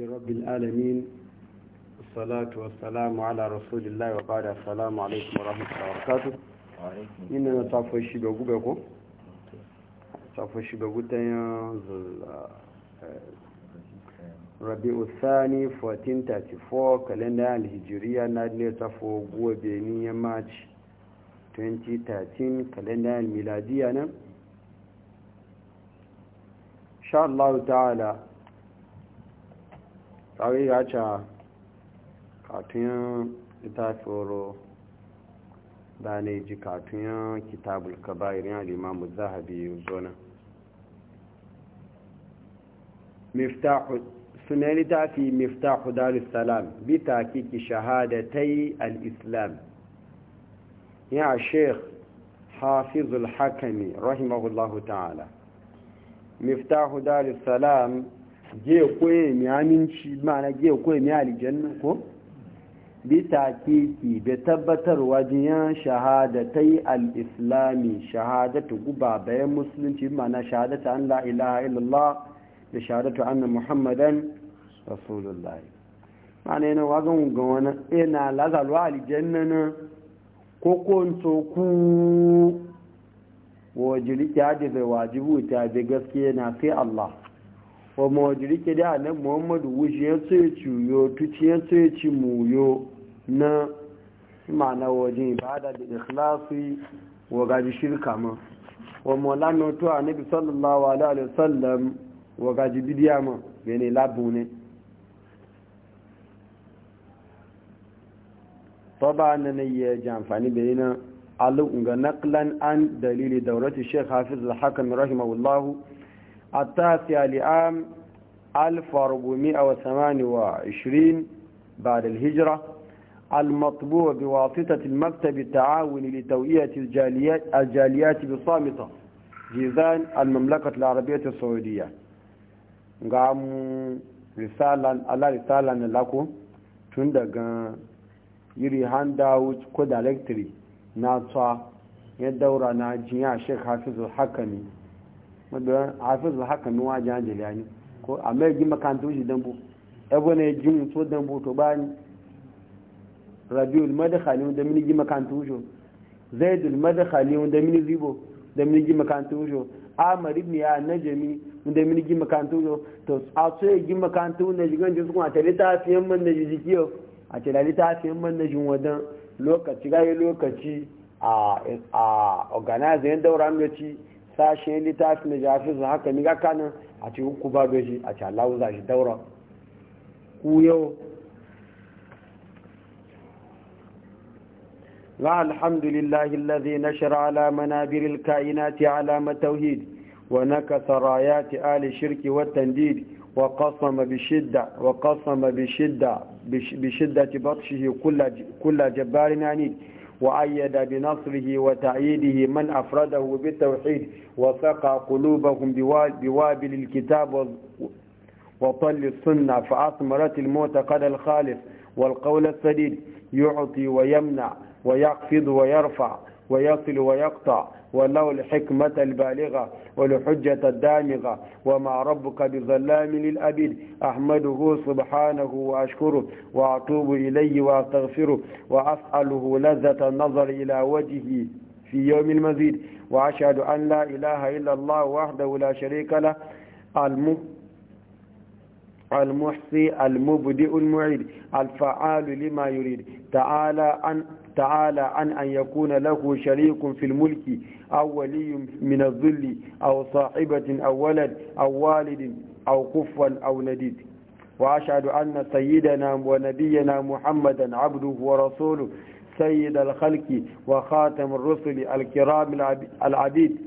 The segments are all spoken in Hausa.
لله رب العالمين والصلاة والسلام على رسول الله وبعد السلام عليكم ورحمة الله وبركاته إننا نتعفو الشيء بأقوبكم نتعفو الشيء بأقوبتين ربيع الثاني 1434 كالندا الهجرية نادلية تعفو قوة بينية ماتش 2013 كالندا الميلادية إن شاء الله تعالى tsari ya ce katuyan itafiyoro da ne ji katuyan kitabul kabairin alimamu zahabi zona miftahu sunan littafi miftahu darussalam bita kiki shahadatai al-islam ya sheikh hafizul hakami rahimahullahu ta'ala miftahu darussalam je koye mi aminci ma'ana je koye mi aljanna ko bi takiki da tabbatarwa jiyan shahadatai al'islami islami shahadatu guba bayan musulunci ma'ana shahadatu an la ilaha illallah da shahadatu anna muhammadan rasulullahi ma'ana yana wagon ga wani ina lazalwa aljanna na kokon ku wa da bai wajibu ta bi gaskiya na fi Allah ọmọ òjìrí kéde àná muhammadu wúṣe yẹn tó ètì uyo tuti yẹn tó ètì muyo na ìmàna wọ̀dí ìbáadà da ìkìláàsì wọ̀gájú shirka mọ́ ọmọ lánà tó ànábi sallallahu alaihi wasallam wọ̀gájú bídíà mọ́ yẹn التاسع لعام 1428 بعد الهجرة المطبوع بواسطة المكتب التعاوني لتوئية الجاليات, الجاليات بصامتة جيزان المملكة العربية السعودية قام رسالة على رسالة لكم تندق يري handout ko directory na tsa ya daura na jiya sheik wanda hafiz haka nuwa jajiri ya ni ko a mai gima kantun shi dambu ebe ne jin to dambu to ni rabiul madakhali da mini gima kantun shi zaidul madakhali da mini zibo da mini gima kantun shi amar ibn ya jami da mini gima kantun shi to a so ya gima kantun na jigan jisu kuma a tare ta fiyan man na jijikiyo a tare ta fiyan man na jin wadan lokaci gaye lokaci a organizer yan dauran lokaci sashe littafi na su haka ni gaka nan a cikin ku ba gaji a ci Allah za shi daura ku yau wa alhamdulillahi alladhi nashara ala manabiril kainati alama tauhid wa nakasa rayati ali shirki wa tandid wa qasama bi shidda wa qasama bi shidda bi shiddati batshihi kullu kullu jabbarin anid وأيد بنصره وتأييده من أفرده بالتوحيد وسقى قلوبهم بوابل الكتاب وطل السنة فأثمرت المعتقد الخالص والقول السديد يعطي ويمنع ويقفض ويرفع ويصل ويقطع وله الحكمة البالغة والحجة الدامغة وما ربك بظلام للأبد أحمده سبحانه وأشكره وأتوب إليه وأستغفره وأسأله لذة النظر إلى وجهه في يوم المزيد وأشهد أن لا إله إلا الله وحده لا شريك له المحصي المبدئ المعيد الفعال لما يريد تعالى أن تعالى عن أن يكون له شريك في الملك أو ولي من الظل أو صاحبة أو ولد أو والد أو كفوا أو نديد وأشهد أن سيدنا ونبينا محمدا عبده ورسوله سيد الخلق وخاتم الرسل الكرام العبيد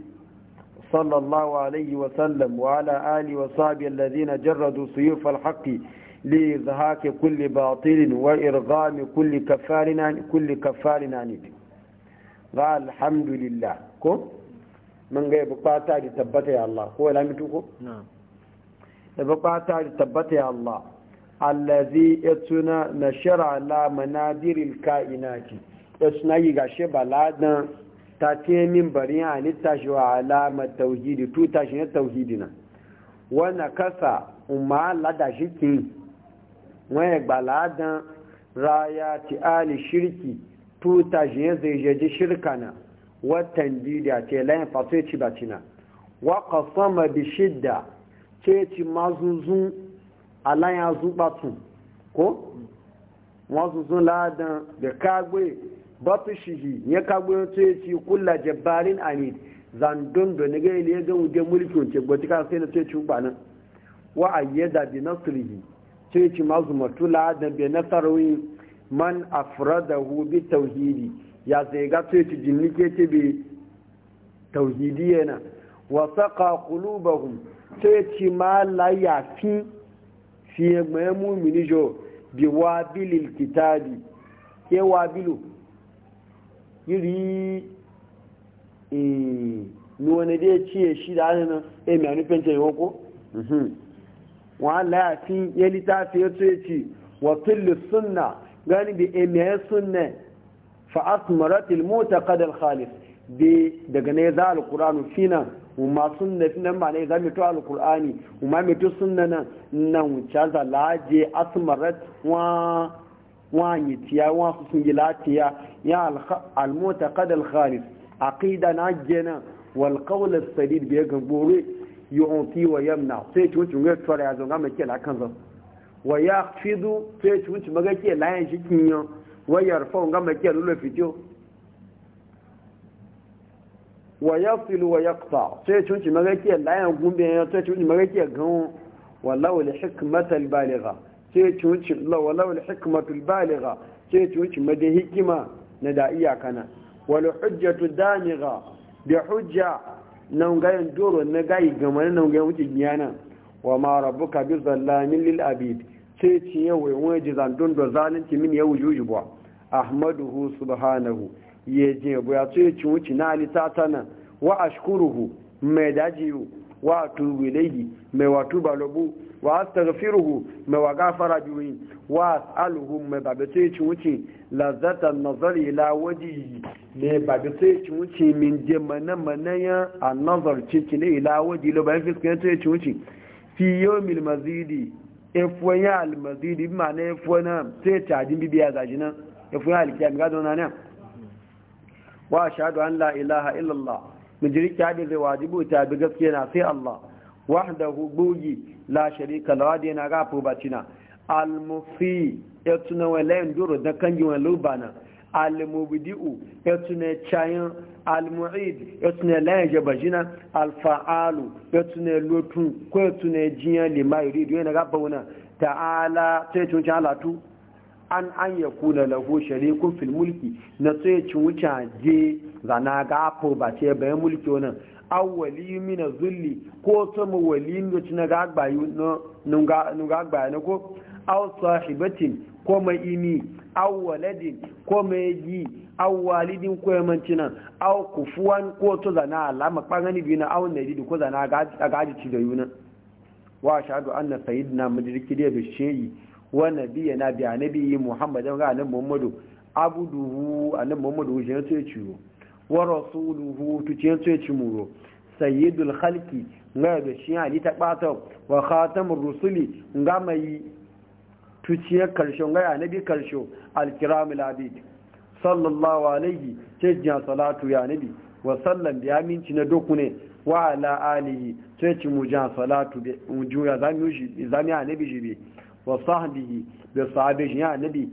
صلى الله عليه وسلم وعلى آله وصحبه الذين جردوا سيوف الحق لإظهاك كل باطل وإرغام كل كفار كل كفار عنيد قال الحمد لله كو من غير بقاطع تثبت يا الله هو لا متوكو نعم بقاطع تثبت يا الله الذي اتنا نشر على منادير الكائنات اتنا يغشي بلادنا تاتي من بريان على تشوى علامة توحيد تو تشوى توحيدنا ونكسى وما لدى شكين wani gbaladan raya ti ali shirki tuta jiye zai shirka na watan dida ce layin fato ci bacina wa kasama bi shidda ce ci mazuzun alaya zubatu ko mazuzun ladan da kagbe batu shihi ya kagbe ce ci kula jabbarin anid zandon da ni gaili ya gan wujen mulkin ce gwatika sai na ce ci wa sai ci mazu matula da bai nasarwi man afradahu bi tauhidi ya sai ga sai ci jinni ke ce bi tauhidi yana wa saqa qulubahum sai ma layafi fiye fi fi mai mu'mini jo bi wabilil kitabi ke wabilu yiri eh e ni wani dai ciye shi da hannun eh mai yi ce yau ko mhm. wa lafi ya littafi ya ce ce wa tullu sunna gani bi emiyayen sunna fa asmaratil mota kadal khalif Da daga ne za alkur'anu fina umma sunna fina ma ne za mito alkur'ani umar mito sunna nan nan wuce za laje asmarat wa wani tiya wa sun gila tiya ya almota kadal khalif aqida na jena wal qawl sadid bi ga يعطي ويمنع فيت وانت مغير تفرع زنغا مكي لكنزا ويأخفض فيت وانت مغير تي لعين شكنيا ويرفع زنغا مكي للفتيو ويصل ويقطع فيت وانت مغير تي لعين قوم بيانا فيت وانت مغير تي قوم ولو الحكمة البالغة فيت وانت ولو الحكمة البالغة فيت وانت مدهيكما ندائيا كانا ولو حجة دامغة بحجة na doro na gayi gama na ngayen wuce giyana wa ma rabbuka bi zallamin lil abid ce ce yawo wani jizan don da zalunci min ya wujuju ba ahmaduhu subhanahu ya je bu ya ce ci wuce na alitata nan wa ashkuruhu mai dajiyu wa atubu ilayhi mai wa tuba lobu wa astaghfiruhu mai wa gafara juyi wa as'aluhu mai babe ci wuce lazzata nazari ila wajihi mai babe sai ci wuce min je mana mana ya annazar ciki ne ila waji lo bayan fiskiyar sai ci wuce fi yawmil mazidi efuwan ya mazidi bi ma'ana efuwan na sai cadin bibiya zaji nan efuwan alkiyam gado na nan wa ashhadu an la ilaha illallah mujrik ya da zai wajibu ta bi gaske na sai Allah wahdahu bugi la sharika la wadi na gafu bacina al-mufi ya tuna wa layin duro da kangi wa lubana al-mubdi'u ya tuna chayin al-mu'id ya tuna layin jabajina al-fa'alu ya tuna lotun ko ya tuna jiyan lima yuridu yana gafa wuna ta'ala sai tun cha alatu an an ya kula lagu sharikun fil mulki na tsaye cin wuce je zana gafo ba ce bayan mulki wannan awwali mina zulli ko sama wali da ci na gagbayu na ko aw sahibatin ko mai imi aw waladin ko mai yi aw walidin ko yamanci nan aw kufuwan ko to zana alama bangani biyu na aw nadi ko zana gaji ci da yuna wa shahadu anna sayyidina mujrikide bi shay'i wa nabiya na biya nabi muhammad ga annabi muhammadu abuduhu annabi muhammadu shi yace ciwo wa rasuluhu tuce yace cimuro sayyidul khalqi ga da shi ali ta bata wa khatamur rusuli ga mai tuciyar karsho ga annabi karsho alkiramul abid sallallahu alaihi jiya salatu ya nabi wa sallam bi aminci na dokune wa ala alihi sai ci jiya salatu bi mujuya zami zami annabi jibi wa sahbihi da sahabe ya annabi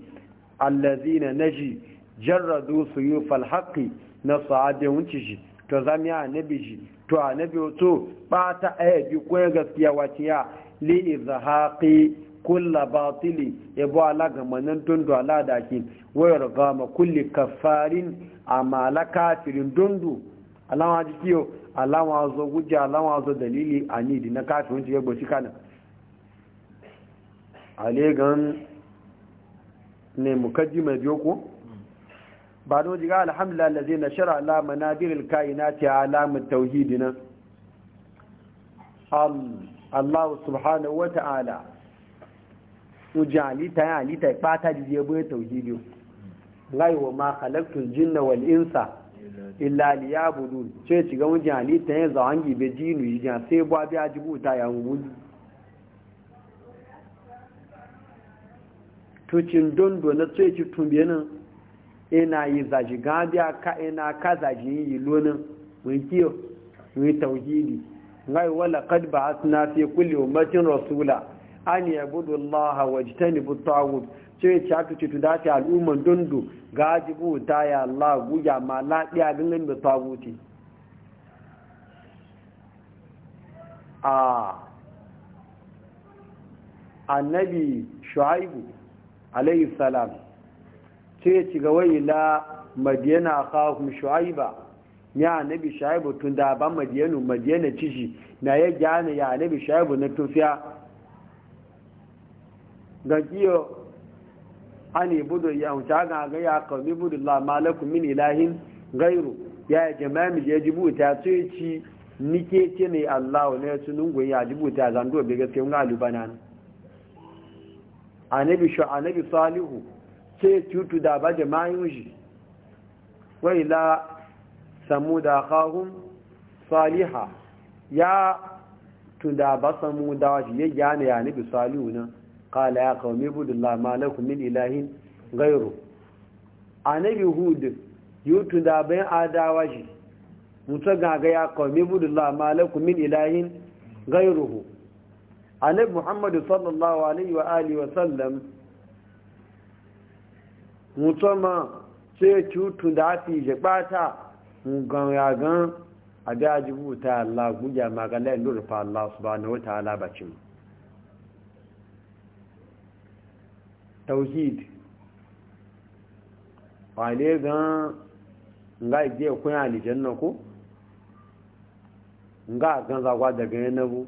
allazina naji jarradu suyufal haqqi na sahabe wunci shi to zam ya nabi shi to annabi to bata ayabi ko gaskiya waciya li izhaqi kulla batili yabo ala ga manan dundu ala da wayar gama kulli kafarin amala kafirin dundu alama jikiyo alama zo guje alama zo dalili anidi na kafirin ya gboci alegan ne mukaji mai biyo ko ba don jiga alhamdulillah da zai na shara alama na dirin ka'ina ta alamun tauhidi nan allahu subhanahu wa ta'ala ujian alita ya alita ya fata da zai bai tauhidi laiwa ma halaktun jinna wal insa illa liya budu ce shiga ujian alita ya zawangi bai jinu yi jan sai buwa biya jibuta ya hungudu tucin dondo na tsoci tumbe nan ina yi zaji gabiya ka ina ka zaji yi yi lonin mun kiyo mun tauhidi ngai wala a suna fi kulle umarcin rasula an abudu allaha wajtanibu at-taghut ci aka tuci tuda dace al'umman dondo gajibu ta yi allah guya ma laɗiya ganin da taghuti a annabi shu'aibu alayhi salam ce ya ci ga wayi la madiyana kahum shu'aiba ya annabi shu'aibu tun da ban madiyanu madiyana ciji na ya gane ya annabi shu'aibu na tufiya ga kiyo ani budu ya hunta ga ga ya qawmi budu la malakum min ilahin gairu ya jama'a mi je jibuta ce ci nike ce ne Allah ne sunungun ya jibuta zando be gaskiya ngalubana ne anabi shu anabi salihu sai tutu da ba da mayun shi la samu da kahun saliha ya tunda ba da washi ya gane ya nabi salihu nan kala ya kawo budullah ma lakum min ilahin gairu anabi hud tun da bayan adawa shi mutu gaga ya kawo budullah ma lakum min ilahin gairu annabi muhammadu sallallahu alaihi wa alihi wa sallam mutuma sai cutu da afi je bata gan ya gan adaji ta Allah guja magala indu rufa Allah subhanahu wataala bacin tauhid wale gan nga je kun alijanna ko nga gan za zagwa daga yanabu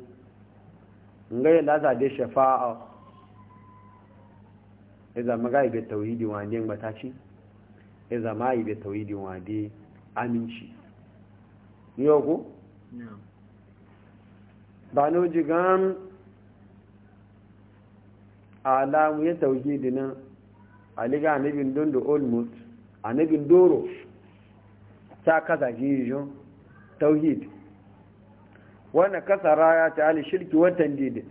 ngai da za de shafa'a idan e magai be tauhidi wani mataci e idan ma be tauhidi wani aminci yau ko ba no jigan alamu ya tauhidi ali ga nabin don da olmut anabin doro ta kaza gijo tauhidi wannan kasara ya ta ali shirki watan didi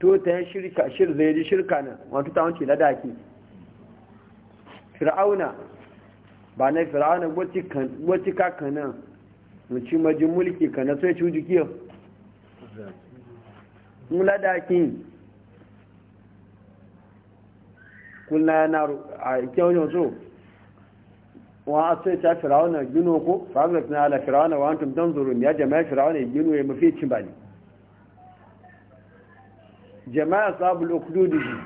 to ta yi shirka shir zai ji shirka nan wato ta wuce ladaki fir'auna ba na fir'auna wacce kaka nan mace majin mulki na sai yau jikiyar ladaki kula na a kyau yau so wa a sai ta firawuna gino ko fa'amrat na ala firawuna wa antum tanzurun ya jama'a firawuna gino ya mafi cin bani jama'a sabul shi.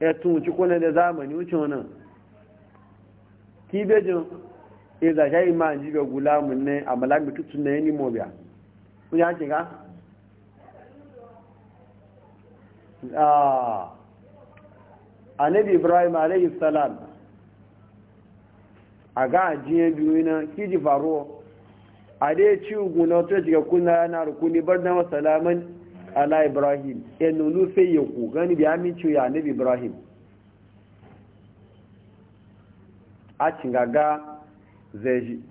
ya ci kuna da zamani wuce wannan kibejin iza ya yi ji ga gulamun ne a malami tutun na mo biya. kun ya ce ga? annabi ibrahim alayhi salam a ga ajiye biyu na kiji faruwa a dai ci guna to shiga kuna yana rukuni bar dama salaman ala ibrahim yan nunu sai ya ku gani bi aminci ya annabi ibrahim a cingaga zai ji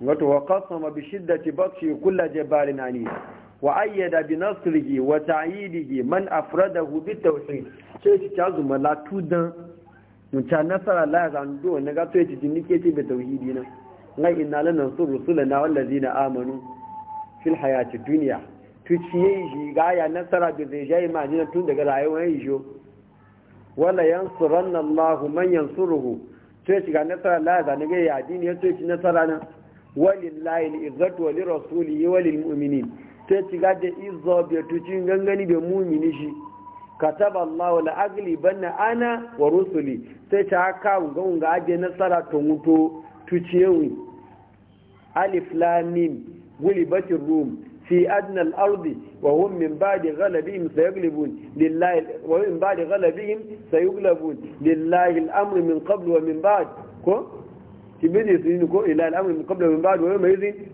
wato wa kasama bi shiddati bakshi kulla jabalin ni. wa ayyana da bi na surgi watayi digi man a fure da huɗu taushe to yi shi ta zuma la tuɗa wancan nasara layaga to yi e shi ke cewa bai taushe na gan ina na nan sun rusu da nawar da zina amanu duniya to yi shi ya yi shiga ya nasara da zai ma a tun daga rayuwa e ya yi shi wa la ƴan suran na zama nasara layaga da tuwai ya yi dini to yi e nasara na wani layi na irzatuwa ta ci gada izo bai tucin gangani bai mumini shi kataba Allah la agli banna ana wa rusuli sai ta haka unga unga ajiye nasara mutu muto tuciyewi alif lamim Wuli, bakin rum fi adna al-ard wa hum min ba'di ghalabihim sayaglibun lillahi wa min ba'di ghalabihim sayaglibun lillahi al min qabl wa min ba ko tibidi sun ko ila al'amri min Qablu, wa min ba wa mai idhin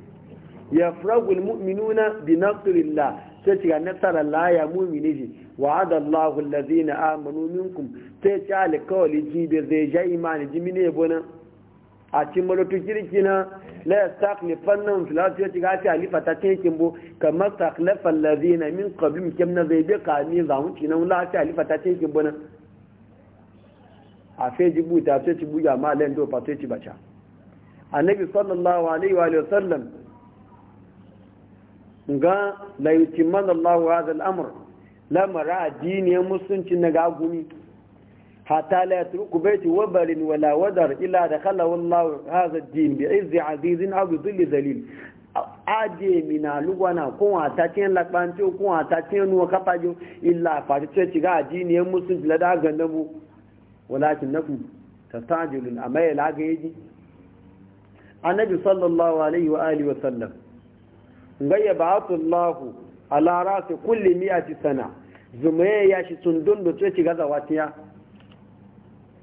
ya fragul mu'minuna bi nasirillah sai ci ga nasarar laya mu'mini ji wa adallahu allazina amanu minkum sai ci alkawali ji da zai ja imani ji mine bona a cikin malotu kirki na la yastaqni nan filatu ya ci ga ta alifa ta cikin bo kamar taqlafa lazina min qablim kim na zai bi za mu cinan la ta alifa ta cikin bo nan a fe ji buta sai ci buya ma lendo fa sai ci bacha annabi sallallahu alaihi wa sallam ga la yutimman Allah hadha al-amr lamara addini musulunci na gaguni hata la yatruku baiti wabarin wala wadar da kalawar wallahu hadha ad-din bi izzi azizin abu bi dhilli dhalil aje mina lugwana kun ata tin lakbanci kun ata tin nuwa kafajin illa fati ce ci ga addini musulunci la da gandabu walakin nakum tastajilun amma ya laga yaji annabi sallallahu alaihi wa alihi wa sallam ga ya a lara su kulle miya ci sana zumaye ya shi tundun da tsoci gaza watiya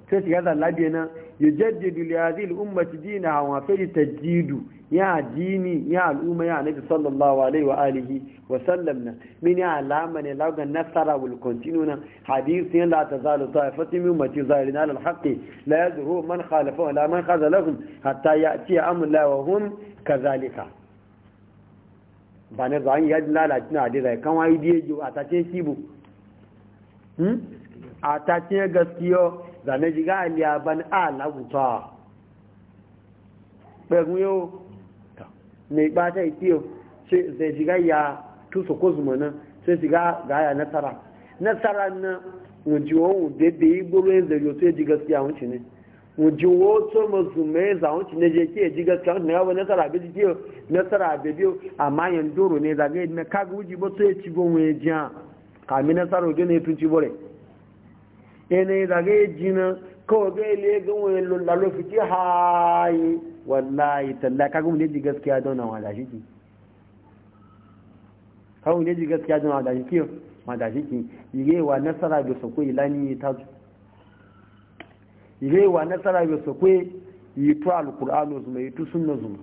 tsoci gaza labena yujaddidu li hadhihi al-ummati dinaha wa ta jidu ya dini ya al'umma ya nabi sallallahu alaihi wa alihi wa sallam na min ya alama ne lagan nasara wal continue na hadith yan la tazalu ta'ifatu min mace zahirin na al-haqqi la zuru man khalafa la man khazalahum hatta ya'ti amru la wa ka zalika ba na zawon ya lalaci na adira kan wani biye a tace shibu hmm? a tace gaskiyo da na jiga aliya ban a laguta ɓegun yau mai ɓata ikiyo zai jiga ya tuso ko zumanin sai shiga ga ya nasara nasara na wajewa bebe yi gboro yin zariyo yi ji gaskiya wuce ne wajen wato masu mai zawon ci na je ke ji gaskiya na yawon nasara bai jiyo nasara bai biyo amma yan doro ne zaga na kaga wuji ba sai ci bon waye jiya kami nasara wajen ne tun ci bore yi zaga yi ji na kawai ga ile ga waye lullalo fiti hayi wallahi talla kaga mu ne ji gaskiya don na wala shi ki kawo ne ji gaskiya don wala shi ki ma da shi ki yi wa nasara bi da sako ilani ta zu irewa nasara su kwe yi tu alkur'ano zuma yi tu sunna zuma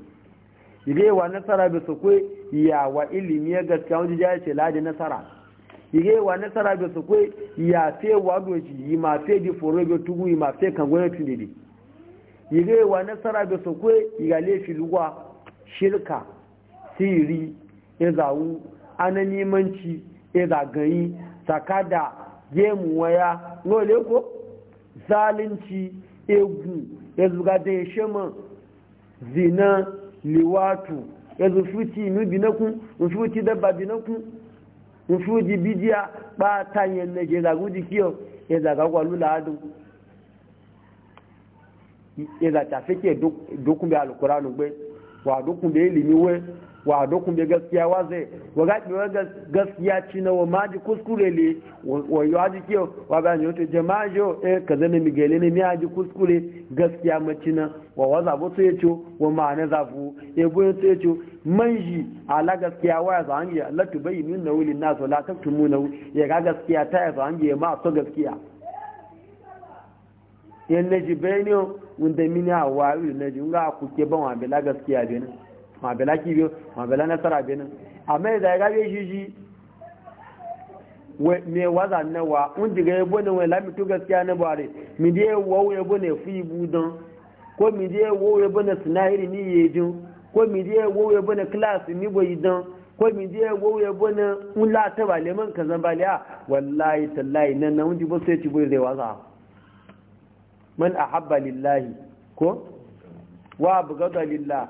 irewa nasara bai ya wa ilimi ya gaskiya wani jaya ce ladi nasara irewa nasara ya kwe ya fe wadoji yi ma fe di foro bai tugu yi ma fe kan gwamnati tudidi irewa nasara bai ya sakwe ya lefi lugwa shirka siri izawu ananimanci izaganyi sakada gemu waya nole ko zalunci egu ya zuga da ya shema zina liwatu ya zufuci inu binakun zufuci dabba binakun zufuci bidiya ba ta yanne ke zagu jikiyo ya zaga kwalu la'adu ya zata fike dokun bi alukuranu gbe wa dukun da ilimi wai wa dukun da gaskiya wa zai wa ga gaskiya ci na wa maji kuskure le wa yi waji kiyo wa ba ni wato jama'a jo eh ka zane mi ne mi haji kuskure gaskiya maci na wa wa zabo to ya ciwo wa ma'ana zafu e bo to ya ciwo man ji ala gaskiya wa ya zangi la tubayyinu na wuli na so la taktumu na ya ga gaskiya ta ya zangi ma so gaskiya yan ji bayani wanda mini hawa irin na ji nga kuke ban wa bela gaskiya benin ma bela kibiyo ma bela nasara benin amma da ya gabe shi shi me waza na wa un diga ya bane wai lami to gaskiya ne bare mi de wo ya bane fi budan ko mi de wo ya bane sinahiri ni yejin ko mi de wo ya bane class ni boyidan ko mi je wo ya bona un la ta bale man kazan bale a wallahi tallahi nan nan un di bo sai ci bo zai waza man ahabba lillahi ko wa abghada lillah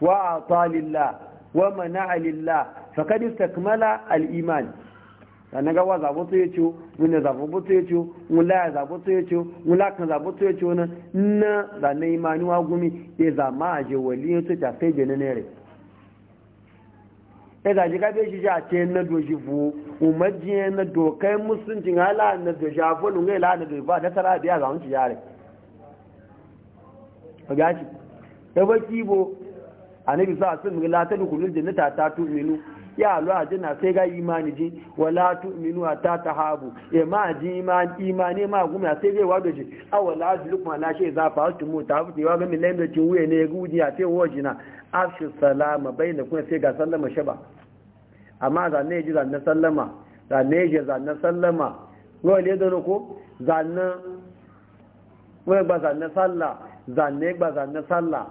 wa ata lillah wa mana'a lillah faqad istakmala al-iman sannan ga wa zabo to yace mun ne zabo to yace mun la zabo to yace mun la kan zabo to yace na na da ne imani wa gumi e zama je wali to ta sai je ne re e da ji ka be shi ja ce na do shi fu umaji na do kai musuncin ala na do jafo lungai la na do ba da tara biya za mu ci yare ba gashi da baki bo annabi sa sun mu la ta dukulul jannata ta tu'minu ya alu ajina sai ga imani ji wala tu'minu ta tahabu e ma ji imani imani ma a sai zai a ji awala ajlukum ala shay za fa mu ta fi wa ga milan da ci wuye ne gudi a sai wajina afshu salama bainakum sai ga sallama shaba amma za ne ji zan sallama za ne ji zan sallama wale da ko zan wai gba zanne sallah zanne gba zanne sallah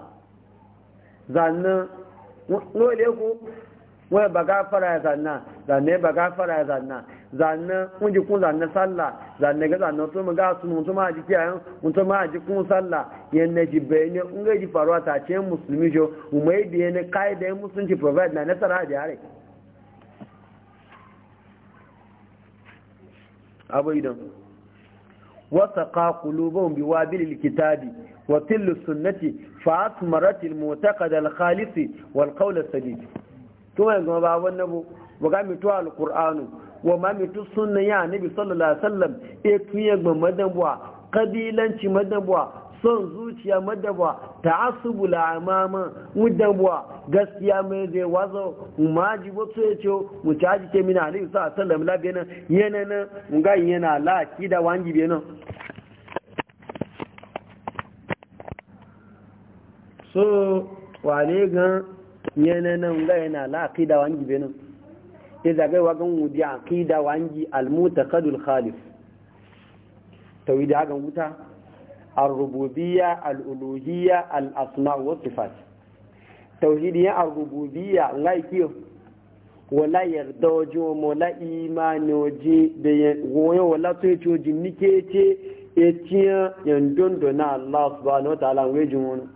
zanne wole ku wai ba gafara ya zanna zanne ba gafara ya zanna zanne kun ji kun zanne sallah zanne ga zanne to mun ga su mun to ma ji kiyayen mun to ma ji kun sallah yanne ji bayne un ga ji faruwa ta ce musulmi jo umai biye ne kaida musulunci provide na nasara da yare abu idan وسقى قلوبهم بوابل الكتاب وتل السنة فأثمرت المعتقد الخالص والقول السديد ثم يقول بابا النبو وقام يتوى القرآن وما متو السنة يا نبي صلى الله عليه وسلم إيه يقول مدنبوا قبيلا مدنبوا son zuciya ta asubu la'amama mudabwa gaskiya mai zai wazo umaji wato ya ce mu caji ke mina alayhi sa sallam labe nan yana nan nga yana la kida wangi be nan so wale gan yana nan nga yana la kida wangi be nan idan ga wagan wudi aqida wangi al-mutakadul khalif tawidi ga wuta الربوبية الألوهية الأسماء والصفات توحيدية الربوبية لا يكيو ولا يردوجو ولا إيمان وجي ولا ya جنكيتي etiyan yandun na Allah subhanahu wa ta'ala wani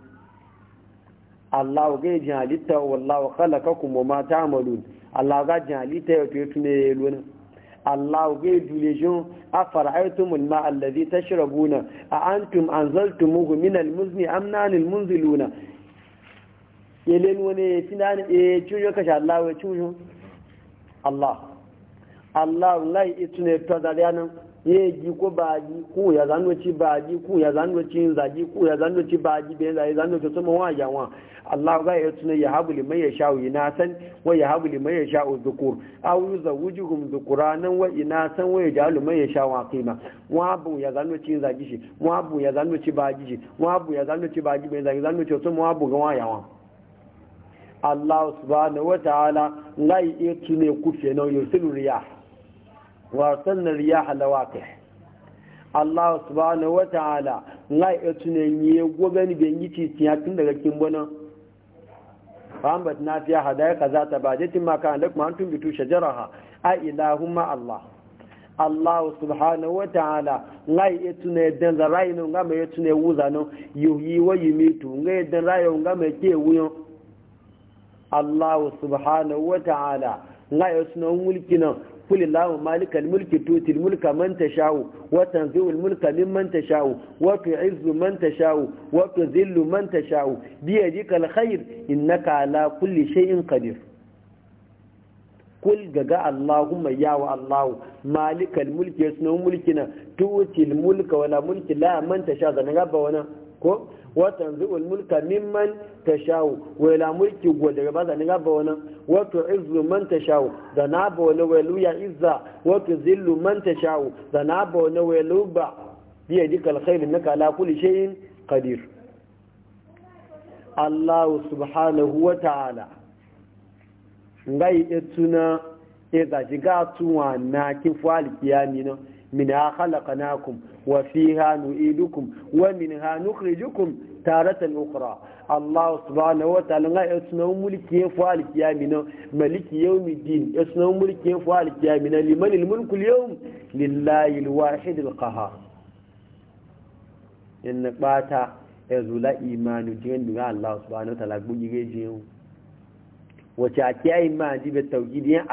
Allah ga jin halitta wallahu khalaqakum wa ma ta'malun Allah ga ya tuye lona Allah dule jin a afara'aytumul ma allazi tashrabuna a antum anzaltumuhu min almuzni am nanil munziluna yelen wani tinan e ka sha Allah we chujo Allah Allah lai itune to da yanan yeji ko baji ku ya zando ci baji ku ya zando ci zaji ku ya zando ci baji be zai zando ci sama wa ya wa Allah ga ya tuna ya habu mai ya sha'u inasan wa ya habu mai ya sha'u dhukur aw yuzawijuhum dhukuranan wa inasan wa yajalu man ya sha'u aqima wa ya zando ci zaji shi wa abu ya zando ci baji shi wa abu ya zando ci baji be zai zando ci sama wa bu ga wa ya wa Allah subhanahu wa ta'ala ngai ya tune kufe na yusilu riyah wasannan riyaha lawaqih Allah subhanahu wa ta'ala ngai etunen ye gogani ben yiti tiya tun daga kin bona Muhammad na fiya hadaya kaza ta ba jatin ma kan lakum antum bitu shajaraha Ai ilahumma Allah Allah subhanahu wa ta'ala ngai etune den da rayu nga me etune wuza no yuhyi wa yumitu ngai den rayu nga me ke wuyo Allah subhanahu wa ta'ala ngai etune mulki no قل اللهم مالك الملك تؤتي الملك من تشاء وتنزع الملك ممن تشاء وتعز من تشاء وتذل من تشاء بيدك الخير إنك على كل شيء قدير kul gaga Allahumma ya wa Allahu malikal mulki ya sunan mulkina tutil mulka wala mulki la man wana ko wata yanzu mulka mimman ta shawo wai la mulki go daga ba zanin ba wani wato izu man ta shawo da na ba wani wai luya izza wato zillu man ta shawo da na ba wani wai luba biya dika khairu na kala kuli shay'in qadir Allah subhanahu wa ta'ala ngai etuna e, e ga jiga tuwa na kifwal kiyami no min khalaqnakum wa fiha nu'idukum wa minha nukhrijukum taratan ukhra Allah subhanahu wa ta'ala ga yasna mulki ya fa al-qiyamina maliki yawmiddin yasna mulki ya fa al-qiyamina liman al-mulku al-yawm lillahi al-wahid al-qahhar in bata yazula imanu jin ga Allah subhanahu wa ta'ala gbugi geje wace a kiyaye ma ji da tauhidin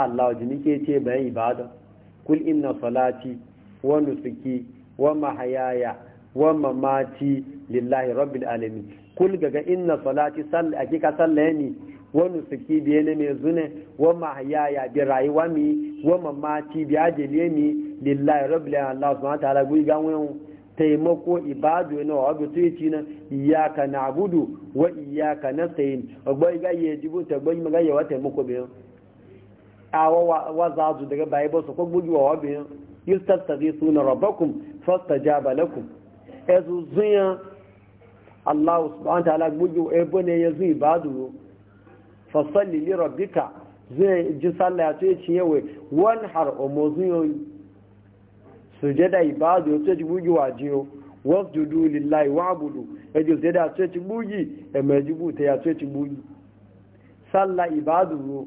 Allah ke ce bayan ibada kul inna salati wa nusuki wa mahayaya wa mamati lillahi rabbil alamin kul gaga inna salati sall akika sallani wa nusuki bi ne me zune wa mahayaya bi rayuwa mi wa mamati bi ajele mi lillahi rabbil alamin Allah subhanahu wa ta'ala gui ganwe taimako ibadu na wa abu tuyi na iyaka na'budu wa iyyaka nasta'in ogbo ga yejibu tagbo mi yawa taimako bi awa wa za su daga baya ba su ko gujewa wa biyan yustastazi suna rabbakum fastajaba lakum ezu zuya Allah subhanahu ta'ala gujewa e bone ya zuyi badu fasalli li rabbika zai ji sallah ya ce ci yawe wani har omo zuyoyi sujada ibadu ya ce ci wa jiyo wasjudu lillahi wa'budu ya e ji sujada ya ce ci bugi e ya mai jibuta ya ce ci bugi sallah ibadu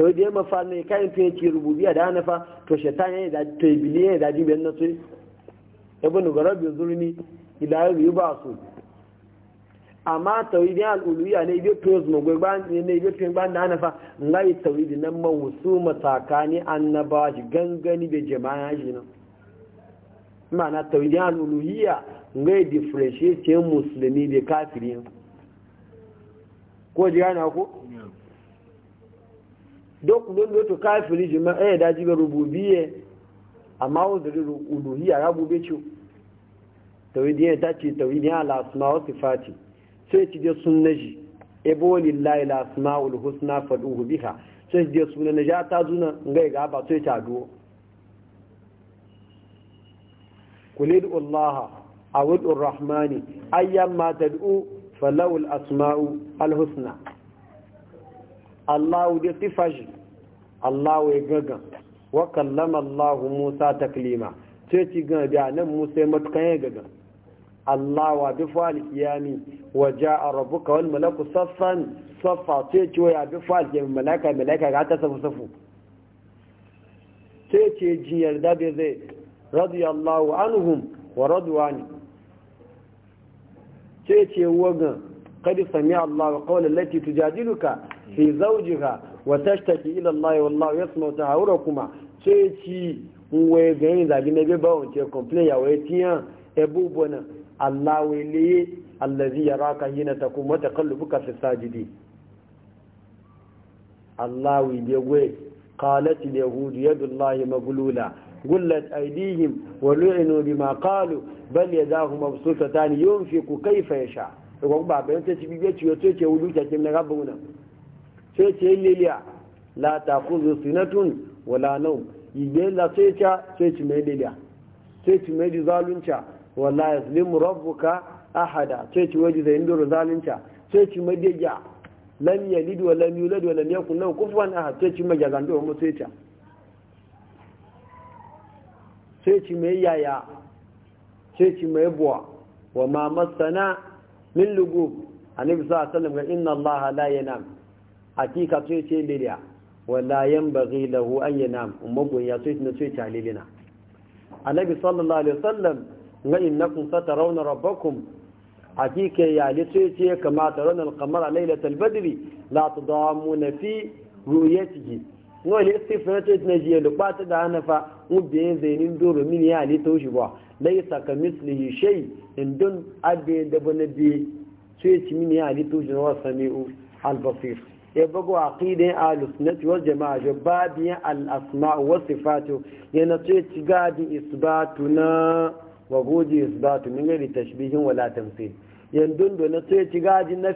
to je ma fa ne kai to yake rububiyya da hanafa to shaitan yayi da to ibili yayi da dibe na so ibn garab yuzurni ila yubasu amma tawhidin al'uluyya ne ibe to zuma gwe ba ne ibe to ba da hanafa ngai tawhidin nan ma wusuma tsakani annabawa gangani da jama'a shi nan ma'ana tawhidin al'uluyya ngai differentiate musulmi da kafirin ko ji gane ko dok dondo to kafiri jima eh da jibe rububiyye amma uzuri uluhiyya ya bube ci tawhidiyya ta ce tawhidiyya ala asma wa sifati sai ci je sunnaji ebo lillahi la asmaul husna fad'uhu biha sai je sunan naja ta zuna ngai ga ba sai ta duwo kulid allah awud arrahmani ayyamma tad'u falahu al asmaul husna Allahu da fashi, Allahu ya gaga wa kallama Allahu Musa ta taklima ce ci ga da nan Musa matukan ya gaga Allah wa bi fal kiyami wa jaa rabbuka wal malaku saffan saffa ce ci wa bi fal kiyami malaka malaka ga ta safu safu ce ce ji yarda da zai radiyallahu anhum wa radwani ce ce wagan sami Allah wa قول التي tujadiluka fi zaujiha wa tashtaki ila Allah wa Allah yasma ta haura kuma ce ci nwe gani zabi na biba on ce complain ya wai tiyan ebubona Allah wai le allazi yaraka hina takum wa taqallubuka fi sajidi Allah wai je wai qalat al yahud yad Allah maglula gullat aydihim wa lu'inu bima qalu bal yadahu mabsutatan yunfiqu kayfa yasha ko ba ba yace ci biye ci yace ke wudu ke kin na rabbuna sai ce liliya la ta kuzu sinatun wala nau yiye la sai ca sai ci mai liliya sai ci mai ji zalunca wala ya zlimu rabbuka ahada sai ci waje zai indoro zalunca sai ci mai dija lam lidu wa lam yulad wa lam yakun lahu kufuwan ahad sai ci mai jagando wa sai ca sai ci mai yaya sai ci mai buwa wa ma masana min lugub annabi sallallahu alaihi wasallam ga inna allaha la yanam hakika to Wanda miliya wala yanbaghi lahu an yanam umagun ya to na to yace halilina annabi sallallahu alaihi wasallam ga innakum satarawna rabbakum hakika ya li to ce kama tarawna al-qamara laylatal badri la tudamuna fi ru'yatihi no le istifna to na ji da kwata da hanafa ubiye zainin doro min ya li to shi ba laysa kamithlihi shay dun abin da bana bi to ci min ya li to shi na wasami'u al-basir ya bugu aqidin ahlus sunnati wal jama'a jo babiyan al asma wa sifatu yana ce ci gadi isbatu na wa isbatu min gari tashbihin wala tamthil yandun do na ce ci gadi na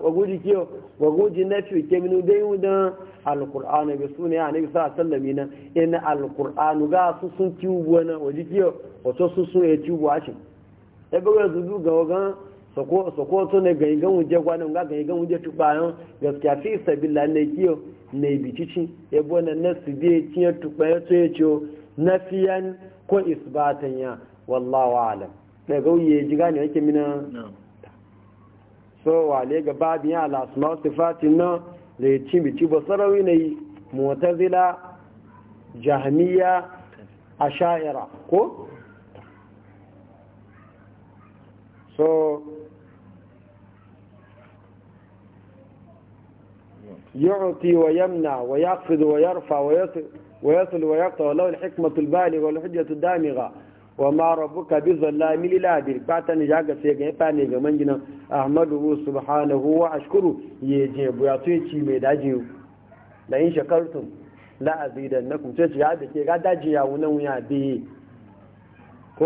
wa goji ke wa na nafi ke minu dai mu dan al qur'an bi sunna ya nabi sallallahu alaihi wasallam ina al qur'an ga su sun ci na waji ke wato su sun ya ci wa shi ya bago zuzu ga wagan sokoto ne ga igan wuje gwanin ga ga igan wuje tubayan gaskiya fi sabila ne kiyo ne bicici ebo na su biye kiyo tubaya to ya ciyo fiyan ko isbatan ya wallahu alam ga wuye ji gane yake mina so wale ga babin ya alasma sifatin na da ya ci bici ba sarawi ne yi mutazila jahmiya asha'ira ko so يعطي ويمنع ويقفض ويرفع ويصل ويقطع وله الحكمة البالغة والحجة الدامغة وما ربك بظلام للعبير أن جاغا سيغن فاني من جنة أحمده سبحانه وأشكره يجي بياتي شيء مي داجيو لا شكرتم لا ازيدنكم تشي يا دكي غا داجي يا ونن يا دي ko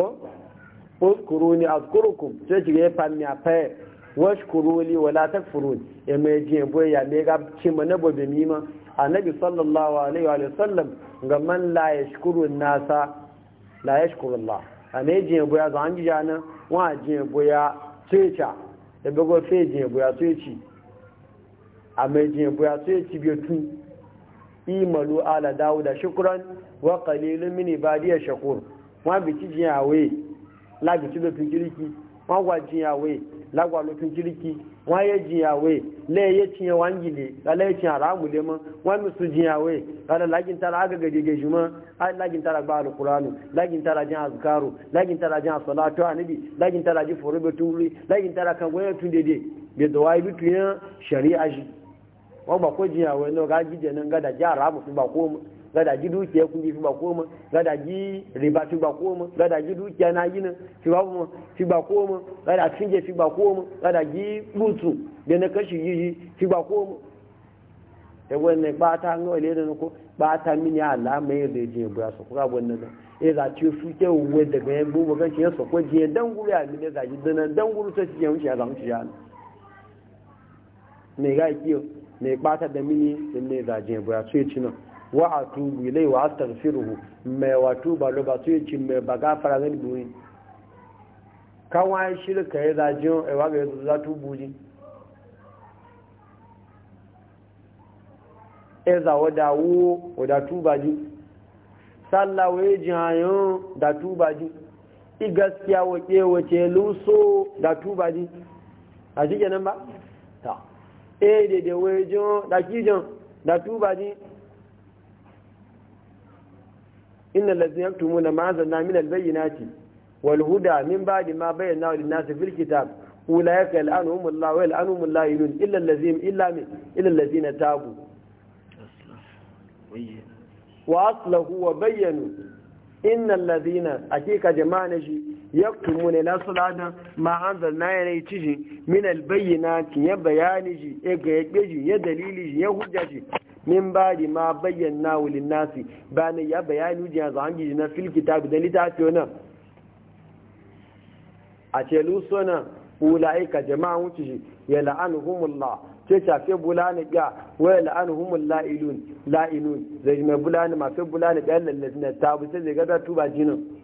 اذكروني اذكركم تشي يا فاني washkuru li wala takfurun ya mai je boya me ga ce mana bobe mima annabi sallallahu alaihi wa sallam ga man la yashkuru nasa la yashkuru Allah a me je boya zan ji jana wa je boya tsecha da bago fe je boya tseci a mai je boya tseci biyo tun imalu ala dauda shukran wa qalilun min ibadiy shakur wa bi ci jiyawe la bi ci be fikiriki wa gwa jiyawe lagwa lotun kiriki wọn yẹ jiyawe lẹyẹ tiɲɛ wọn jili lẹyẹ tiɲɛ aramu lema wọn musu jiyawe lẹyẹ lagin tara aga gajege juma lagin tara gba alukuranu lagin tara jan azukaru lagin tara jan salatu anibi lagin tara ji foro bɛ tuuri lagin tara kankonya tun dede bɛ dɔwɔ ibi tun yɛ sariya ji wọn gba ko jiyawe n'o ka jijɛ n'o ka da ja aramu tun ba ko gada ji dukiya kun ji ba koma gada ji riba fi ba koma gada ji dukiya na yi nan fi ba koma fi ba koma gada cinje fi ba koma gada ji butu da na kashi yi fi ba koma da wannan ba ta ga wale da ko ba ta mini ala mai da je bura su kuma wannan da e za ci su ke wuwe daga yan bubu kan shi ya ko je dan guri a mini za ji dana dan guri ta shi ci wuce ya zamu ci ya mai ga kiyo ne ba ta da mini ne za je buya su ci nan wa a tubu ilai wa astar firuhu mai wato ba lo ba su yi cin mai ba gafara zai buwi kawai shirka ya zajin ewa ga yanzu za tubu ji eza wada wo wada tuba ji sallawe jihayen da tuba ji gaskiya wace wace luso da tuba ji a shi kenan ba ta e daidai wajen da kijin da tuba ji inna lazin yaktumu na ma'azan na minal bayyinati wal huda min ba'di ma bayyana lin nas fil kitab ulaika al'anuhum Allah wa al'anuhum Allah ilun illa allazim illa min illa allazina tabu wa aslahu wa bayyanu innal ladina akika jama'a shi yaktumuna la sulada ma anzalna ilayhi tiji min ya bayani ji ya dalili ji ya hujja ji min ba bari ma bayyana wulin nasi ba bayan ya bayani a za hangi na fil kitab da littafi wannan a ce lusona ulaika jama'a wuce shi ya la'anuhumullah ce shafe bulani ga waya la'anuhumul ilun la'inun zai mai bulani mafi bulani ga lallazina tabu sai zai gada tuba jinin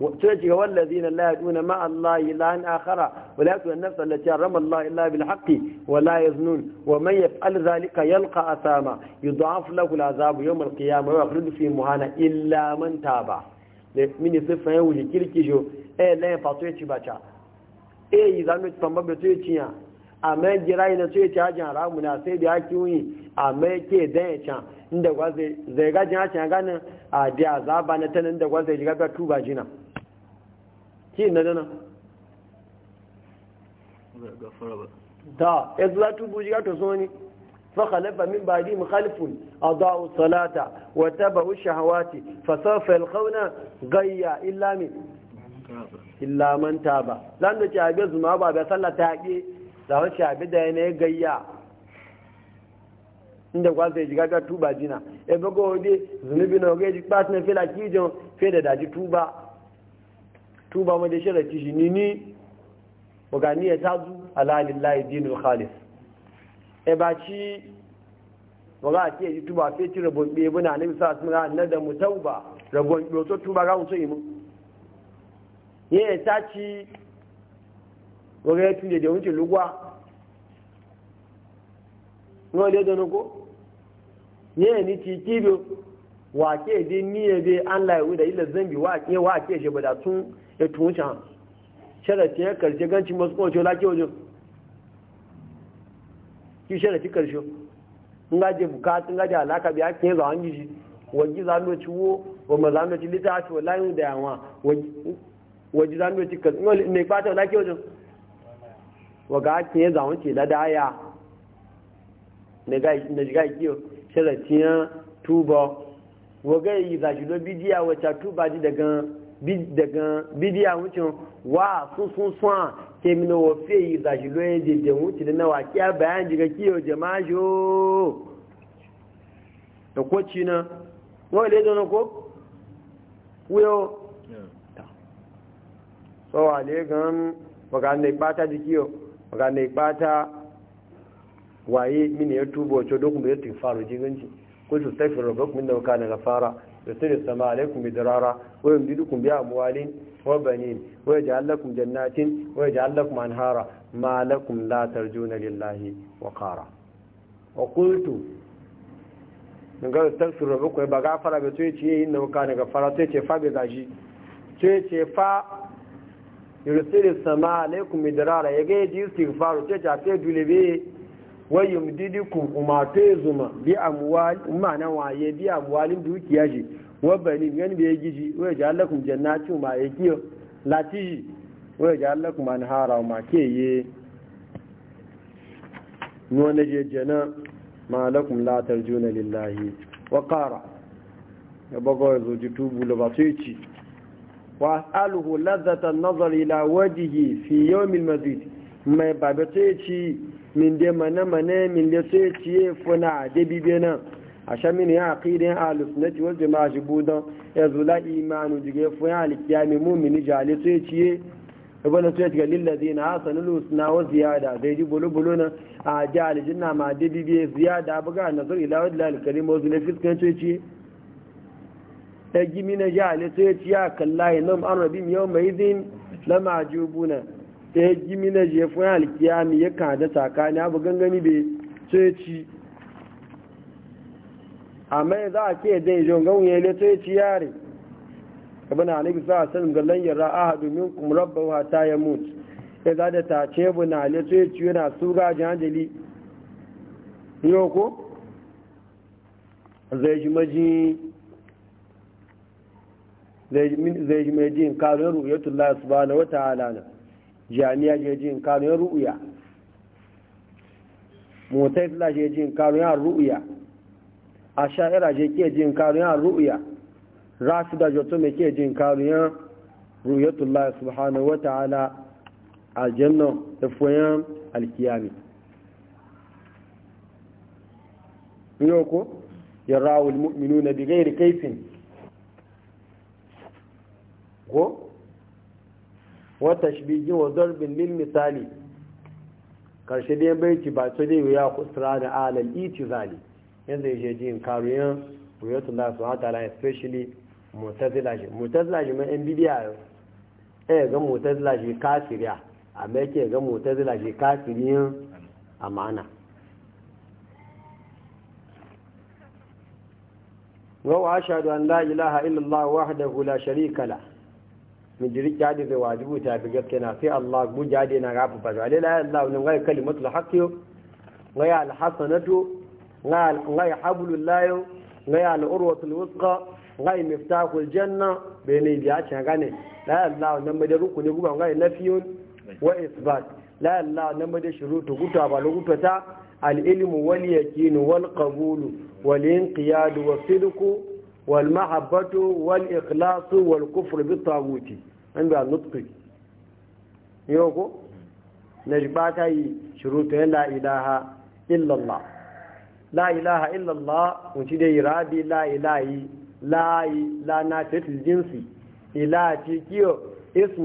تجي والذين لا يدون مع الله إلها آخر ولا يدون النفس التي رمى الله إلا بالحق ولا يزنون ومن يفعل ذلك يلقى أثاما يضاعف له العذاب يوم القيامة ويخلد في مهانة إلا من تاب من يصف يوجي كيركيجو إيه لا يفعل باشا إيه إذا نوت فنبب تيجي amma jirayi na sai ta hajji haramu na كي da haki wuyi amma yake dan ya can inda gwaze zai gajin hacin ganin a da zaba na tanin da gwaze shiga ba tuba jina ki na ta ya zuwa tubu ji gato so ne فخلف من بعدهم خلف أضاعوا الصلاة وتبعوا الشهوات فسوف يلقون غيا إلا من da من تاب لأن شعبي زما بابا صلى تاقي لأن da دينه غيا inda kwa sai jiga ga tuba jina e bago de zunubi no ge jikpat na fela kijon fe da daji tuba tuba ma da sharati shi ni ni waganiya ta zu alalillahi dinul khalis e ba ci waga a ce tuba fe ci rabon biye buna nabi sa sun ga nan da mutauba rabon biyo to tuba ga mun so yi ta ci waga ya tunde da wuce lugwa no le da ko ye ni ti kibo wa ke din ni be an la da illa zambi wa ke wa ke ba da tun ya tuwuce ha sharafi ya karshe ganci masu kowace lake wajen ki sharafi karshe in gaje bukatu in gaje alaka biya ke za wani shi wajen zano ci wo wa ma zano ci littafi wa layin da yawa wajen zano ci kasu mai fata lake wajen wa ga ke za wani ce ladaya na shiga kiyo sharafi ya tuba wa ga yi zashi don bidiya wacce tuba ji daga daga bidiya wucin wa sun sun sun kemina wa fiye jeje wuce da nawa kiya bayan jiga kiyo da kwaci na wani lezo na ko wuyo tsawa ne da kiyo baka na waye mini ya tubo dokun jiganci kuntu tastaghfiruna rabbakum innahu kana ghafara yursilu samaa'a 'alaykum midrara wa yumdidukum bi amwalin wa banin wa yaj'al lakum jannatin wa yaj'al lakum anhara ma lakum la tarjuna lillahi wa qara wa qultu nga tastaghfiruna rabbakum ba ghafara bi tuyi chi innahu kana ghafara yi chi fa bi gaji tuyi chi fa yursilu samaa'a 'alaykum midrara yage di istighfaru tuyi chi afi dulebe wayum didikum umate zuma bi amwal na waye bi amwalin dukiya ji wa bani yan bi giji wa ja'alakum jannati ma yakiyo lati wa ja'alakum hara ma keye nuna je jana ma lakum la tarjuna lillahi wa qara ya bago yazo jitubu lobatici wa as'aluhu ladhata an-nazar ila wajhihi fi yawm mazid mai babatici min de mana mana min de sai ciye funa de bibe nan a ya aqidin ahlus sunnati wal jamaa jibudan ya zula imanu dige funa alkiyami mu'mini jali sai ciye ibana sai lil ladina hasanul lusna wa ziyada zai ji bulu bulu nan a jali jinna ma de bibe ziyada buga nazar ila wal karim wa zula fiskan sai ciye ta gimi na jali sai ciya kallahi nam arabim yawma idhin lama ajubuna ta yi mina je fun alkiyami ya kada tsakani abu gangani bai ceci amma za a ke dai jongon ya le ceci yare ibn anabi sa san gallan ya ra'a domin kum rabbahu hatta ya mut ya za da ta ce bu na le ci yana su janjali yau ko zai ji maji zai ji mai jin karin ru'yatullahi wata wa jami'a je ji in kano inkarin ru'uya mutaifila je ji in kano inkarin ru'uya a sha'ira je ke ji in kano inkarin ru'uya da jato mai ke ji in kano inkarin ru'yatullah subhanahu wata'ala aljanna tafiyan alkiyami yoko ya yarawul mu'minu na bigayar kaifin ko wata shibigin wa zarbin lil misali karshe dai baiti ba ta dai ya kusura da alal itizali yanzu ya je jin karuyan ruyatun da su hata la especially mutazila shi mutazila shi mai nvidia ya ga mutazila shi kafiriya amma yake ga mutazila shi kafiriyan amana wa ashhadu an la ilaha illallah wahdahu la sharika kala. min jiri jadi da wajibu ta fi gaske na sai Allah mu jadi na gafu fa wale la Allah ne ngai kalimatul haqqi ngai al hasanatu ngai ngai hablullah ngai al urwatul wusqa ngai miftahul janna bene biya ci gane la Allah ne mai da rukuni guba ngai nafiyun wa isbat la Allah ne mai da shurutu guta ba lokuta ta al ilmu wal yaqin wal qabul wal inqiyad wa sidqu wal mahabbatu wal ikhlasu wal kufru bi taguti an ga nutqi yoko najbata yi shurutun la ilaha illa la ilaha illa allah unci da iradi la ilahi la la na tatil jinsi ila ci kiyo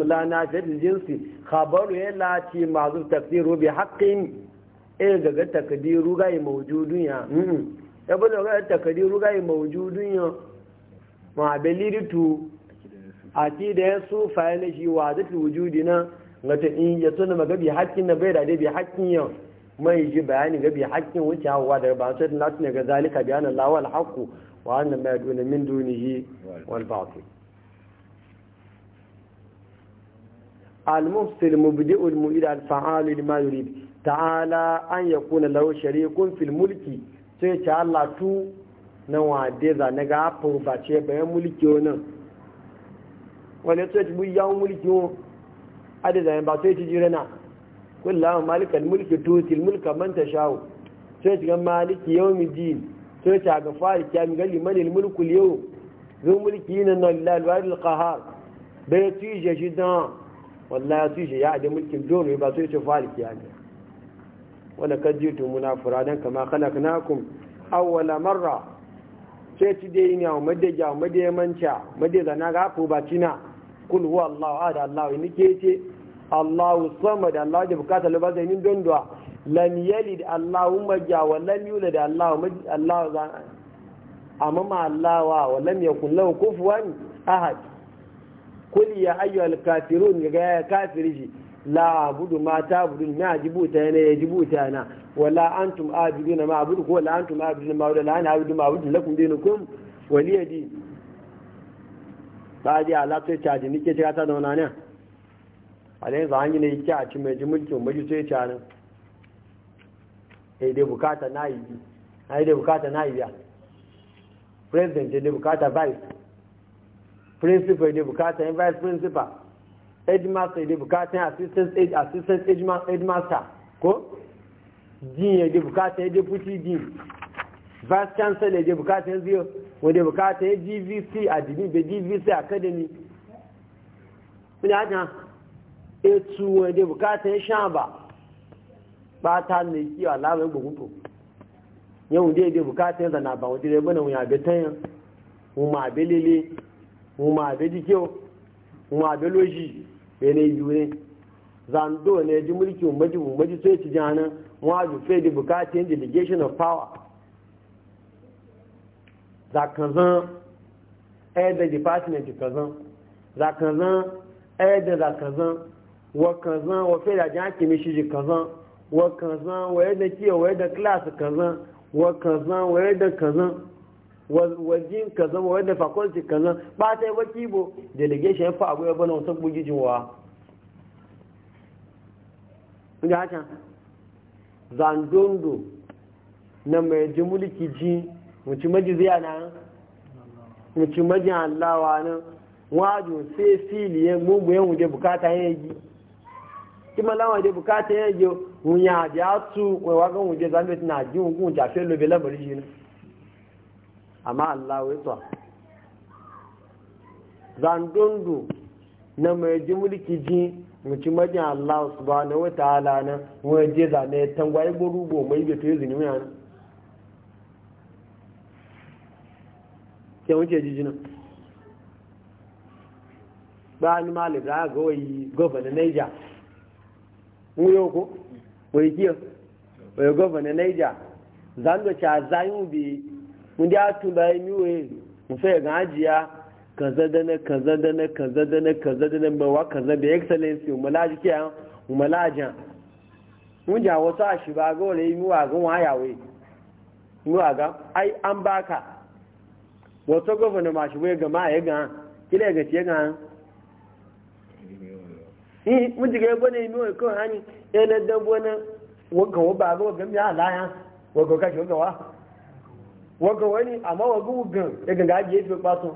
la na tatil jinsi khabaru ya la ci mazu tafsiru bi haqqin e daga takdiru ga mawjudun ya mm e bano ga takdiru ga mawjudun ya ma tu a ti da ya so faye na shi wa zafi wujudi na ga ta in ya tuna ma gabi hakkin na bai da bi hakkin yau mai ji bayani gabi hakkin wuce hawa daga ba sai na tuna ga zalika bayan Allah wal haqqu wa anna ma yaduna min dunihi wal batil al mufsil mubdi'u al mu'id al fa'al lima yurid ta'ala an yakuna lahu sharikun fil mulki sai ta Allah tu na wade za na ga furbace bayan mulki nan wani sai ci buyi yawon mulki wo adi zayen ba sai ci jira na kullum malikal mulki tutil mulka man ta shawo sai ci ga maliki yau mi din sai ci ga fari kyami ga limanil mulkul yau zo mulki yi na nan lalwari alkahar bai tuje shi dan wallahi tuje ya adi mulkin dole ba sai ci fari kyami wani kajitu muna furadan kama khalaqnakum awwala marra sai ci dai ne amma da ja amma da manta zana ga ko cina kul huwa allah ahad allah ni ke ce allah samad allah da bukata laba zai nin don duwa lam yalid allahumma ja wa lam yulad allah allah zan amma ma allah wa wa lam yakul lahu kufuwan ahad kul ya ayyuhal kafirun ga ya kafirji la abudu ma ta abudu na jibuta ne jibuta na wala antum abiduna ma abudu ko wala antum abiduna ma wala ana abudu ma abudu lakum dinukum waliya din ba ji ala sai caji nike ta ta zauna ne alai zan ne yake a cikin mai mulki mai sai ta nan eh dai bukata na yi ai dai bukata na yi ya president dai bukata vice principal dai bukata vice principal headmaster dai bukata assistant assistant headmaster ko din ya ji bukata ya ji fushi din vice chancellor ya ji bukata ya ziyo wadda bukata ya gvc a dini da gvc academy kuna aka etu wadda bukata ya sha ba ba ta ne kiwa labarin gbogbo yau dai dai bukata ya zana ba wanda dai bana wuya betayen mu ma belele mu ma dike mu ma beloji bene yiwu ne zando ne ji mulki umarji umarji sai ci jana wọ́n á fẹ́ di bukatun delegation of power zakanzan ẹ̀ẹ́dẹ̀ department kanzan kanzan, ẹ̀ẹ́dẹ̀ zakanzan wakanzan wafẹ́ ìdájọ́ àkìmí ṣíṣe kanzan wakanzan wẹ́ẹ́dẹ̀ kíyọ̀ wẹ́ẹ́dẹ̀ class kanzan wakanzan wẹ́ẹ́dẹ̀ kanzan wajen kanzan wẹ́ẹ́dẹ̀ faculty kanzan pátá ẹwọ́ bo delegation fún àgbẹ̀wẹ̀ bọ́lá wọn sọ́gbójijì wá. Ndé á can. zandondo na mai ji mulki ji muci maji ziya na muci maji allawa nan wajo sai fili ya gbogbo yan wude bukata ya yi ki ma lawa de bukata ya yi wunya bi a wai wa gan wude zambe na ji hukun ja fe lobe lamari ji ne amma allah wai to zandondo na mai ji mulki ji mutum majin Allah subhanahu wa jeza na ya tangwa zane tangwaye gorugo mai bai tuyo zini wani ke wuce jijina ba ni malib da ga wai gwamna naija mu yau ko wai kiyo wai gwamna naija zan da ca zayin bi mun da tun bayan miwe mu ga ajiya kaza da na kaza da na kaza da na kaza da na bawa kaza da excellency umalaji ke an umalajan mun ja wasu a shi ba ga wale yi wa ga wayawe yi wa ga ai an baka wasu gwamna ma shi bai ga ma ya ga kila ga ce ga ni mun diga ya bane yi ko kan hani na dabo na wakan wa ba ga wa gamya alayan wa ga kashi wa ga wa wa wani amma wa gugan ya ga ga ajiye fi kwaso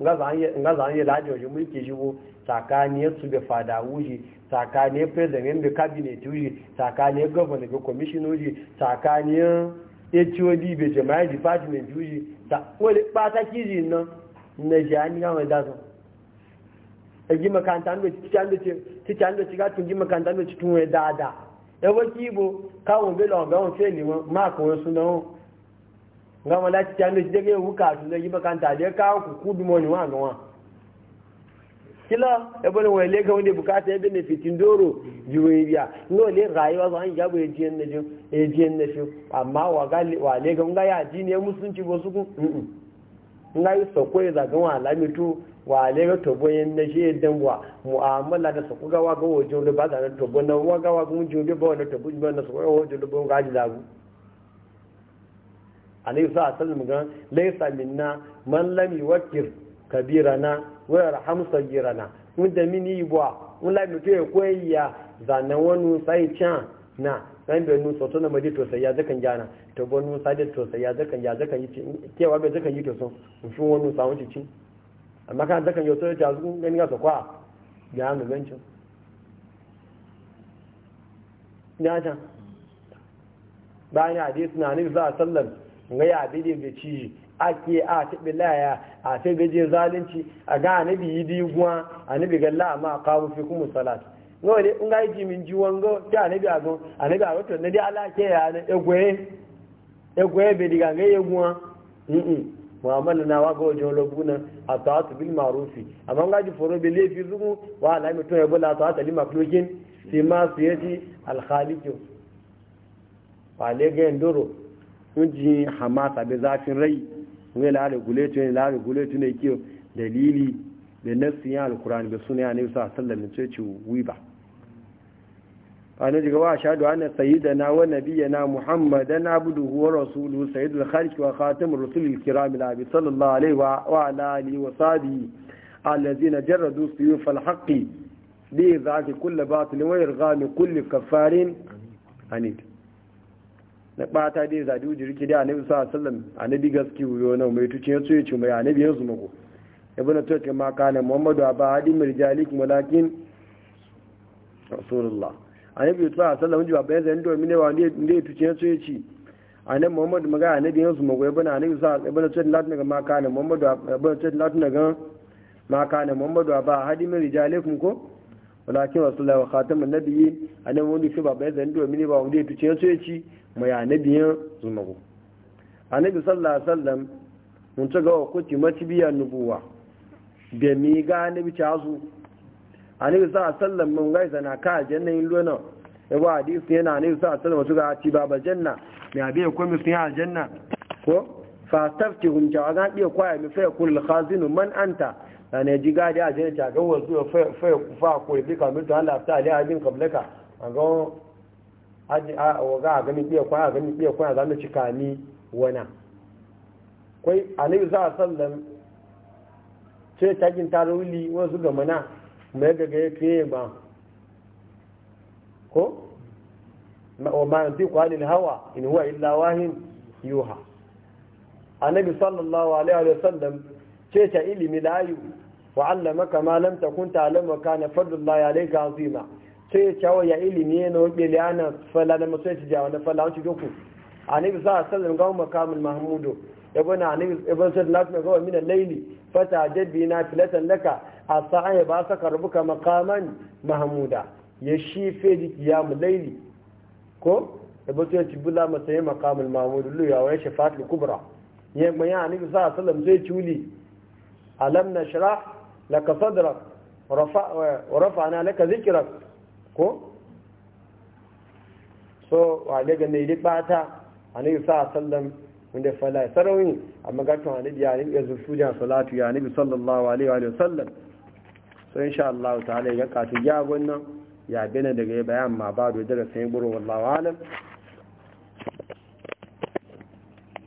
nga za yi laji wajen mulki shi ko tsakaniyar su bai fada wuji tsakaniyar president bai cabinet wuji tsakaniyar governor bai commission wuji tsakaniyar hod bai jama'ai department wuji ta wani ɓata kiji nan na an ga mai dasa a gi makanta da cikin da cikin tun gi makanta da cikin wani dada yawon kibo kawo bela wa gawon fe liman ma wasu suna wọn nga ma lati tando shi jege wu ka su zai ta de ka ku kudu mo ni wa Ki kila e bane wai le ka wanda bukata ya e bane fitin doro ya no le rayuwa zo an ya bu ejiyen na e jin ejiyen na shi amma wa ga wa le ga nga ya ji ne musunci bo su ku nga yi sokoi da ga wa tu wa le ga to yen ne shi e dan wa mu'amala da su ku ga wa ga wajen da ba da to bo na wa ga wa gun jin ba na to bo na su ga wajen da bo ga ji da alaihi sa sallam ga laysa minna man lam yuwakkir kabirana wa yarham sagirana mun da mini ibwa mun la mi to ko ya zanan wani sai cha na kan da nu soto na maji to sai ya zakan jana to bonu sai da to sai ya zakan ya zakan yi kewa ga zakan yi to so mun shi wani sa wani ci amma kan zakan yo to ta zu ganin ga sokwa ya mu gancin ya ta bayan hadisi na nabi sallallahu alaihi wasallam nga ya bi da ci ake a tabi laya a sai gaje zalunci a ga anabi yi di guwa anabi ga la ma qamu fi kum salat no ne in ga ji min ji wango ta anabi a gon anabi a wato na dai ala ke ya na egwe egwe be diga ga ye guwa mm mu'amala na wa ga wajen lobuna a ta'atu bil ma'rufi amma nga ji foro be lefi zugu wa ala mi to ya bula ta'atu lil makhluqin fi ma siyati al khaliq wa le ga ndoro ji hamasa bai zafin rai wani la'ariguletu ne la'ariguletu ne kiyo dalili da nassin ya alkurani da suna ya ne a sallar da ce wiba a na jigawa a shaɗu ana sayida na wa nabiya na muhammadu na budu huwa rasulu sayidu al-kharki wa khatim rasulul kiram labi sallallahu alaihi wa alihi wa sabi allazina jarradu suyuf al-haqqi bi zaki kulli batil wa irghami kulle kafarin anid na bata dai zadi ujirki dai annabi sallallahu alaihi wasallam annabi gaskiya wuyo na mai tuce yace yace mai annabi ya zuma ko ibnu tuke ma kana muhammadu aba hadi mirjalik walakin rasulullah annabi sallallahu alaihi wasallam jiwa bayan zan domin ne wanda ne tuce yace ci annabi muhammadu maga annabi ya zuma ko ibnu annabi sallallahu ibn tuke latin ga ma kana muhammadu ibn tuke latin ga ma kana muhammadu aba hadi mirjalik ko walakin rasulullah wa khatamun nabiyyin annabi wanda shi ba bayan zan domin ne ba wanda tuce ya yace ci mai anabiyan zunubu annabi sallallahu alaihi wasallam mun ta ga ti matibiya nubuwa da mi ga annabi cazu annabi sallallahu alaihi wasallam mun ga zana ka jannatin lona yabo hadisi yana annabi sallallahu alaihi wasallam su ga ti baba janna mi abi ko mi sun janna ko fa taftihum ja ga ko ya mi fa yakul khazinu man anta ne ji gadi a janna ta ga wasu fa fa ku fa ko bi ka mutu Allah ta ali abin kablaka an ga haji a waga a gami biya kwana a gami biya kwana za mu cika ni wana kwai alayhi za sallam ce tagin taruli wasu ga mana mai gaga ya kiyaye ba ko wa ma yantiqu anil hawa in huwa illa wahin yuha annabi sallallahu alaihi wa sallam ce ta ilimi layu wa allamaka ma lam takun ta'lam wa kana fadlullahi alayka azima sai ya cawo ya ilimi yana wabe ana fala na masu yaci jawa na fala wancin doku a nabi sa a sallar gawon makamun mahmudu ibn anabi ibn sa'd na kuma gawon min al-layli fata jaddi na filatan laka a sa'a ya ba saka rubuka makaman mahmuda ya shi feji kiyamu laili, ko ibn sa'd tibula masayi makamun mahmudu lu ya wai shafatul kubra ya gbanya anabi sa a sallar sai culi alam nashrah laka sadrak ورفعنا لك ذكرك ko so wa daga ne duk bata annabi sa sallam wanda fala sarawin amma ga to annabi ya rinka zufu da salatu ya annabi sallallahu alaihi wa sallam so insha Allah ta'ala ya ka ta ya wannan ya bene daga bayan ma ba da darasin buru wallahu alam